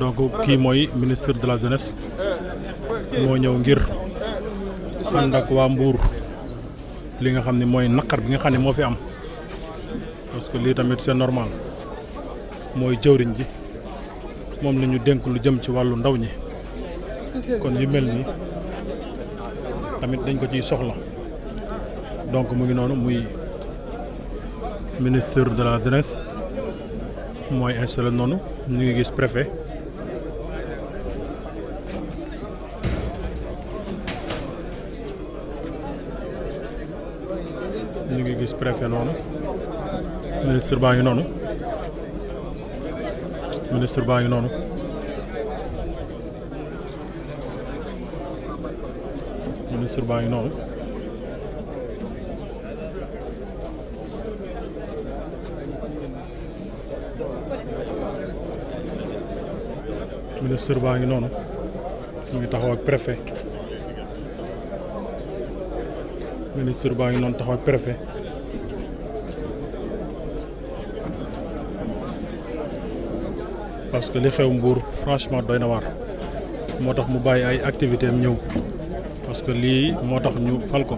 donc kii mooy ministre de la jeunesse moo ñëw ngir ànd ak waa Mbour li nga xam ne mooy naqar bi nga xam ne moo fi am parce que lii tamit c'est normal mooy jëwriñ ji moom lañu dénk lu jëm ci wàllu ndaw ñi kon yu mel nii tamit dañ ko ciy soxla donc mu ngi noonu muy ministre de la jeunesse mooy installé noonu ñu ngi gis préfet ñu ngi gis préfet noonu ministre baa ngi noonu ministre baa ngi noonu ministre baa ngi noonu ministre baa ngi noonu ñu ngi taxaw ak préfet ministre baa ngi noonu parce que li xew Mbour franchement doy na waar moo tax mu bàyyi ay activité ñëw parce que lii moo tax ñu fal ko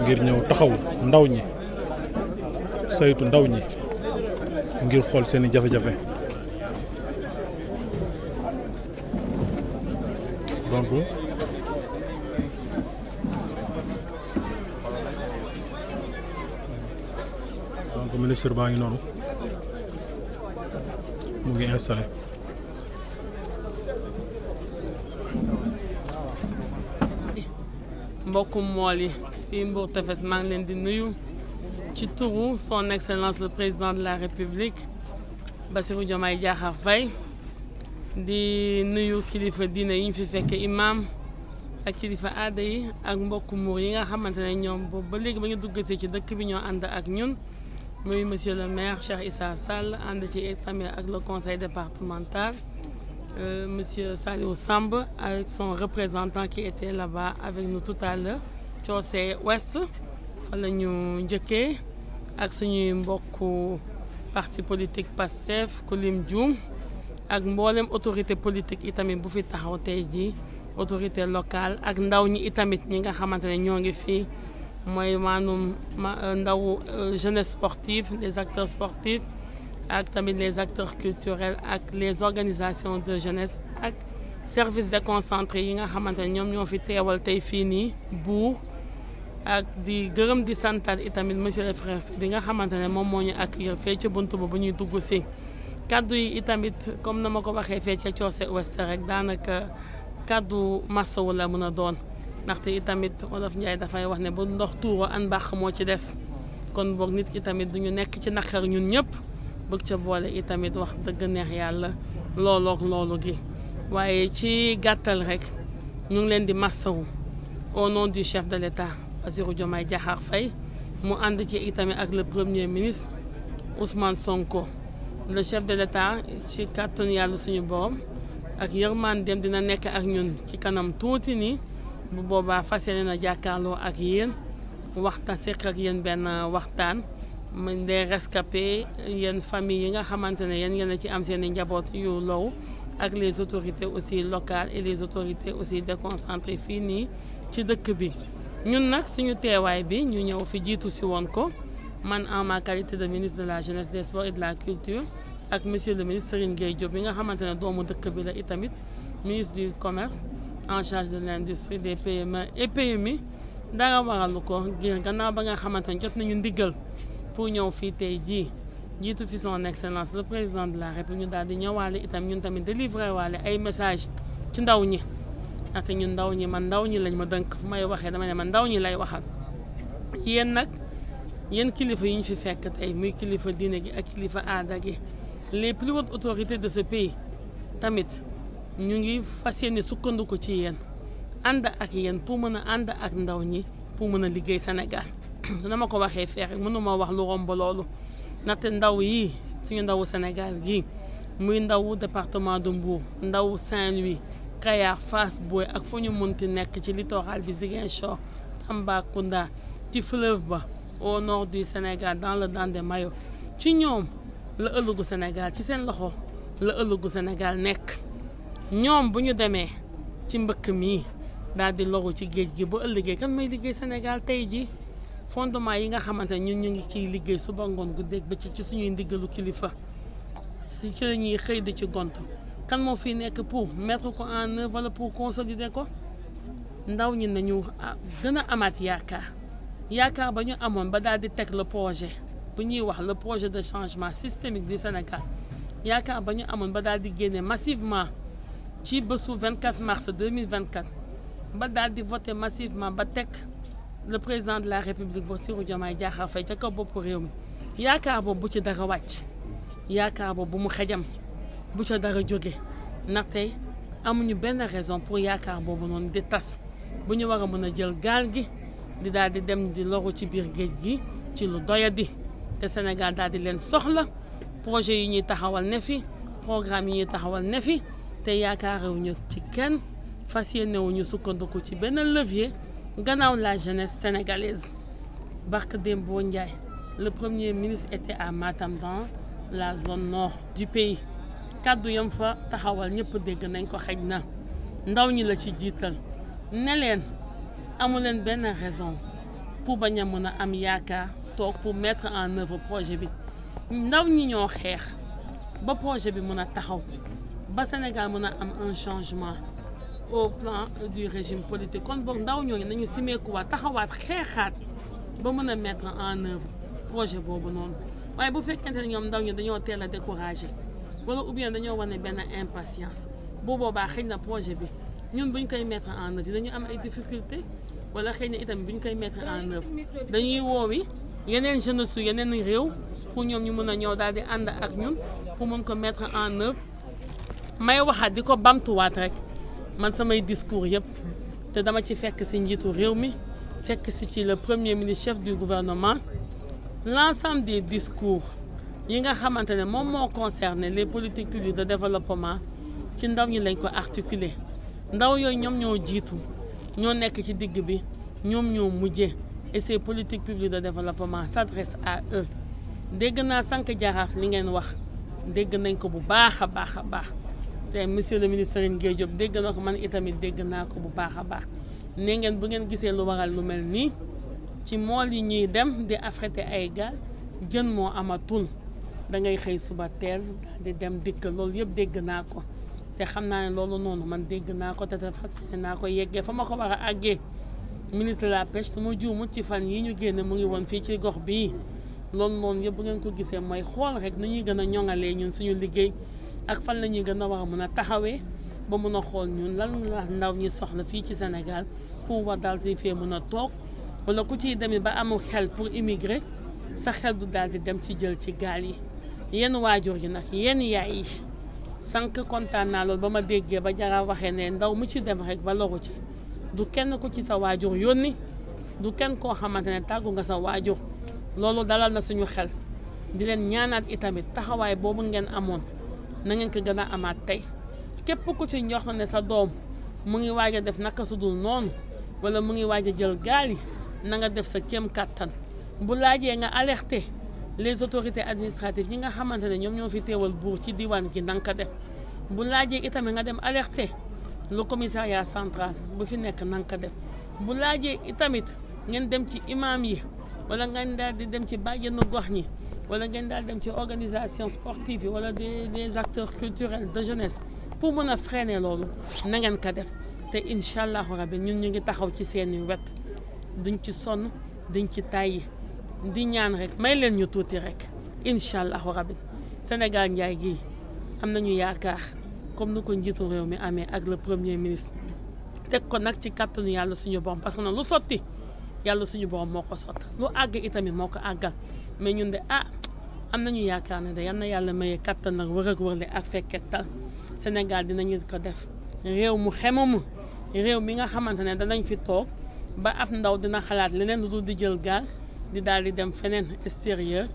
ngir ñëw taxaw ndaw ñi saytu ndaw ñi ngir xool seeni jafe-jafe donc euh, donc ministre baa ngi noonu mu ngi installé mbokku mool yi fii Mbour Tefes maa ngi leen di nuyu ci turu son excellence le président de la république Bassirou Diomaye Diakhar Faye di nuyu kilifa diine yi ñu fi fekke imaam ak kilifa aada yi ak mbokku muur yi nga xamante ne ñoom boobu ba léegi ba ñu duggatee ci dëkk bi ñoo ànd ak ñun muy monsieur le maire Cheikh Issa Sall ànd ci tamit ak le conseil départemental euh, monsieur Saliou Samb avec son représentant qui était là-bas avec nous tout à l'heure Ouest fa ñu njëkkee ak suñuy mbokku parti politique PASTEF Kulim Dioum ak mboolem autorité politique itamit bu fi taxaw tey jii autorité locale ak ndaw ñi itamit ñi nga xamante ne ñoo ngi fii mooy maanaam euh, ndaw euh, jeunesse sportive les acteurs sportifs ak tamit les acteurs culturels ak les organisations de jeunesse ak service déconcentré yi nga xamante ne ñoom ñoo fi teewal tey fii nii buur ak di gërëm di santaat itamit monsieur le frère bi nga xamante ne moom moo ñu accueillir fee ci bunt ba bu ñuy dugg si kàddu yi itamit comme na ma ko waxee fee ca Coose Ouest rek daanaka kaddu massawu la mën a doon ndaxte itamit wolof Njaay dafay wax ne bu ndox tuuroo an baax moo ci des kon boog nit ki tamit duñu nekk ci naqar ñun ñëpp bëgg ca boole itamit wax dëgg neex yàlla loolook loolu gi waaye ci gàttal rek mu ngi leen di massawu au nom du chef de l'État Bassirou Diomaye Diakhar Faye mu ànd ci itamit ak le premier ministre Ousmane Sonko le chef de l'État ci kàttanu yàlla suñu borom ak yërmandeem dina nekk ak ñun ci kanam tuuti ni bu boobaa fas yéene na jàkkaarloo ak yéen waxtaan sekk ak yéen benn waxtaan mën dee rescapé yéen famille yi nga xamante ne yéen ngeen ci am seen i njaboot yu low ak les autorités aussi locales et les autorités aussi déconcentrées fii nii ci dëkk bi ñun nag suñu teewaay bi ñu ñëw fi jiitu si woon ko man en ma qualité de ministre de la jeunesse des sports et de la culture ak monsieur le ministre Serigne Gueye Diop bi nga xamante ne doomu dëkk bi la itamit ministre du commerce en charge de l' industrie des PME et PMI dara waralu ko ngir gannaaw ba nga xamante ne jot nañu ndigal pour ñëw fii tey jii jiitu fi son excellence le président de la république ñu daal di ñëwaale itam ñun tamit délivrer waale ay message ci ndaw ñi ndaxte ñun ndaw ñi man ndaw ñi lañ ma dënk fu may waxee dama ne man ndaw ñi lay waxal yéen yenn kilifa yi ñu fi fekk tey muy kilifa diine gi ak kilifa aada gi les plus hautes autorités de ce pays tamit ñu ngi fas yéene sukkandiku ci yéen ànd ak yéen pour mën a ànd ak ndaw ñi pour mën a liggéey senegal dana ma ko waxee fee rek mënuma wax lu romb loolu ndaxte ndaw yi suñu ndaw senegal gi muy ndawu département du Mbour ndaw Saint-Louis Kayar Fass Boye ak fu ñu munti nekk ci littoral bi Ziguinchor Tambacounda ci fleuve ba au nord du Sénégal dans le Dandé Mayo ci ñoom la ëllëgu Sénégal ci seen loxo la ëllëgu Sénégal nekk ñoom bu ñu demee ci mbëkk mii daal di loru ci géej gi bu ëllëgee kan may liggéey Sénégal tey ji fondement yi nga xamante ñun ñu ngi ciy liggéey suba ngoon guddeeg ba ci ci suñuy ndiggalu kilifa si ci la ñuy xëy di ci gont kan moo fi nekk pour mettre ko en œuvre wala pour consolider ko ndaw ñi nañu ah, gën a amaat yaakaar yaakaar ba ñu amoon ba daal di teg le projet bu ñuy wax la projet de changement systémique di Sénégal yaakaar ba ñu amoon ba daal di génne massivement ci bésu 24 mars 2024 ba daal di voté massivement ba teg le président de la République Bassirou Diomaye Diakhar Faye ca kaw boppu réew mi yaakaar boobu bu ci dara wàcc yaakaar boobu bu mu xejam bu ca dara jóge ndaxte amuñu benn raison pour yaakaar boobu noonu di tas bu ñu war a mën a jël gaal gi di daal di dem di loru ci biir géej gi ci lu doyadi te Sénégal daal di leen soxla projet yi ñuy taxawal ne fi programme yi ñuy taxawal ne fi te yaakaarewuñu ci kenn fas yéenewuñu sukkandiku ci benn levier gannaaw la jeunesse sénégalaise Barke Dembo Ndiaye le premier ministre était à Matam dans la zone nord du pays kàddu yam fa taxawal ñëpp dégg nañ ko xej na ndaw ñi la ci jiital ne leen amu leen benn raison pour bañ a mën a am yaakaar toog pour mettre en œuvre projet bi ndaw ñi ñoo xeex ba projet bi mun a taxaw ba Sénégal mën a am un changement au plan du régime politique kon boog ndaw ñooñu nañu simeekuwaat taxawaat xeexaat ba mën a mettre en œuvre projet boobu noonu waaye bu fekkente ne ñoom ndaw ñi dañoo teel a découragé wala ou bien dañoo wane benn impatience bu boobaa xëy na projet bi ñun buñ koy mettre en œuvre am ay difficultés wala xëy na itam bu ñu koy mettre en œuvre dañuy woowi yeneen jeunes yeneen réew pour ñoom ñu mën a ñëw daal di ànd ak ñun pour mën ko mettre en œuvre may waxaat di ko bamtuwaat rek man samay discours yëpp te dama ci fekk si njiitu réew mi fekk si ci le premier ministre chef du gouvernement l'ensemble des discours yi nga xamante ne moom moo concerne les politiques publiques de développement ci ndaw ñi lañ ko articuler ndaw yooyu ñoom ñoo jiitu ñoo nekk ci digg bi ñoom ñoo mujje et ces politiques publiques de développement s'adressent à eux dégg naa sànq jaraaf li ngeen wax dégg nañ ko bu baax a baax a baax te monsieur le ministre Serigne Gueye dégg na ko man itamit dégg naa ko bu baax a baax nee ngeen bu ngeen gisee lu waral lu mel nii ci mool yi ñuy dem di affrété ay gaal jën moo amatul da ngay xëy suba teel di dem dikk loolu yëpp dégg naa ko te xam naa ne loolu noonu man dégg naa ko te fas yéene naa ko yeggee fa ma ko war a àggee ministre de la pêche su ma juumut ci fan yi ñu génne mu ngi woon fii ci gox bii loolu noonu yëpp ngeen ko gisee mooy xool rek nu ñuy gën a ñoŋalee ñun suñu liggéey ak fan la ñuy gën a war a mën a taxawee ba mun a xool ñun lan la ndaw ñi soxla fii ci Sénégal pour war daal si fee mën a toog wala ku ciy demee ba amul xel pour immigrer sa xel du daal di dem ci jël ci gaal yi yenn waajur yi nag yenn yaay yi. sànq kontaan naa loolu ba ma déggee ba jaraaf waxee ne ndaw mu ci dem rek ba loru ci du kenn ku ci sa waajur yónni du kenn koo xamante ne tàggu nga sa waajur loolu dalal na suñu xel di leen ñaanaat itamit taxawaay boobu ngeen amoon na ngeen ko gën a amaat tey képp ku ci njox ne sa doom mu ngi waaj a def naka su dul noonu wala mu ngi waaj a jël gaal yi na nga def sa kéem kàttan bu laajee nga alerté les autorités administratives ñi nga xamante ne ñoom ñoo fi teewal buur ci diwaan gi na nga ko def bu laajee itamit nga dem alerter le commissariat central bu fi nekk na nga ko def bu laajee itamit ngeen dem ci imaam yi wala ngeen daal di dem ci bàjjenu gox ñi wala ngeen daal dem ci organisation sportive yi wala des des acteurs culturels de jeunesse pour mën a freiner loolu na ngeen ko def te incha allahu rabi ñun ñu ngi taxaw ci seeni wet duñ ci sonn duñ ci tàyyi di ñaan rek may leen ñu tuuti rek incha allahu rabbi Sénégal njaay gii am nañu yaakaar comme nu ko njiitu réew mi amee ak le premier ministre teg ko nag ci kàttanu yàlla suñu borom parce que nag lu sotti yàlla suñu borom moo ko sotti lu àgg itamit moo ko àggal mais ñun de ah am nañu yaakaar ne de yal na yàlla maye kàttan nag wër ak wërle ak fekket tal Sénégal dinañu ko def réew mu xemamu réew mi nga xamante ne danañ fi toog ba ab ndaw dina xalaat leneen lu dul di jël gaal. di daal di dem feneen extérieur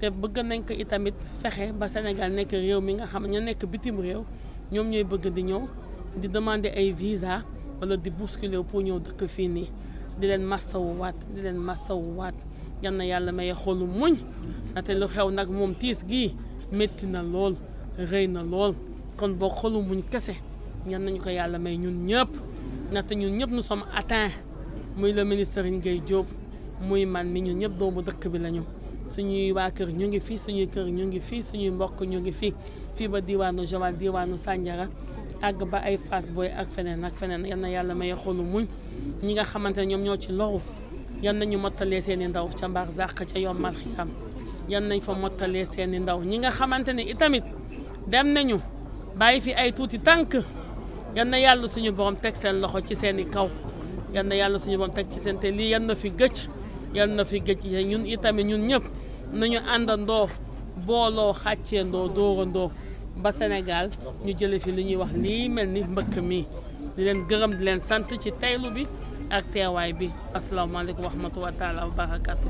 te bëgg nañ ko itamit fexe ba Sénégal nekk réew mi nga xam ne ña nekk bitim réew ñoom ñooy bëgg di ñëw di demander ay visa wala di bousculer pour ñëw dëkk fii nii di leen massawu wat di leen massawu waat yal na yàlla may xolu muñ ndaxte lu xew nag moom tiis gii métti na lool rëy na lool kon boo xolu muñ kese ñan nañu ko yàlla may ñun ñëpp ndaxte ñun ñëpp nous sommes atteints muy le ministre Ngaye Diop muy man mi ñu ñëpp doomu dëkk bi lañu suñuy waa kër ñu ngi fii suñuy kër ñu ngi fii suñuy mbokk ñu ngi fii fii ba diwaanu Joal diwaanu sànjara àgg ba ay fas Boy ak feneen ak feneen yal na yàlla maye xolu muñ ñi nga xamante ne ñoom ñoo ci loru yan nañu mottalee seen i ndaw ca mbaax zàq ca yombal xiyam yan nañ fa mottalee seeni ndaw ñi nga xamante ne itamit dem nañu bàyyi fi ay tuuti tànk yan na yàlla suñu borom teg seen loxo ci seen i kaw yan na yàlla suñu borom teg ci seen te lii yan na fi gëcc yal na fi géej gëj ñun itamit ñun ñëpp nañu àndandoo booloo xàcceendoo dóorandoo ba Sénégal ñu jële fi li ñuy wax lii mel ni mbëkk mi di leen gërëm leen sant ci taylu bi ak teewaay bi asalaamaaleykum wa rahmatulah taala wa barakatu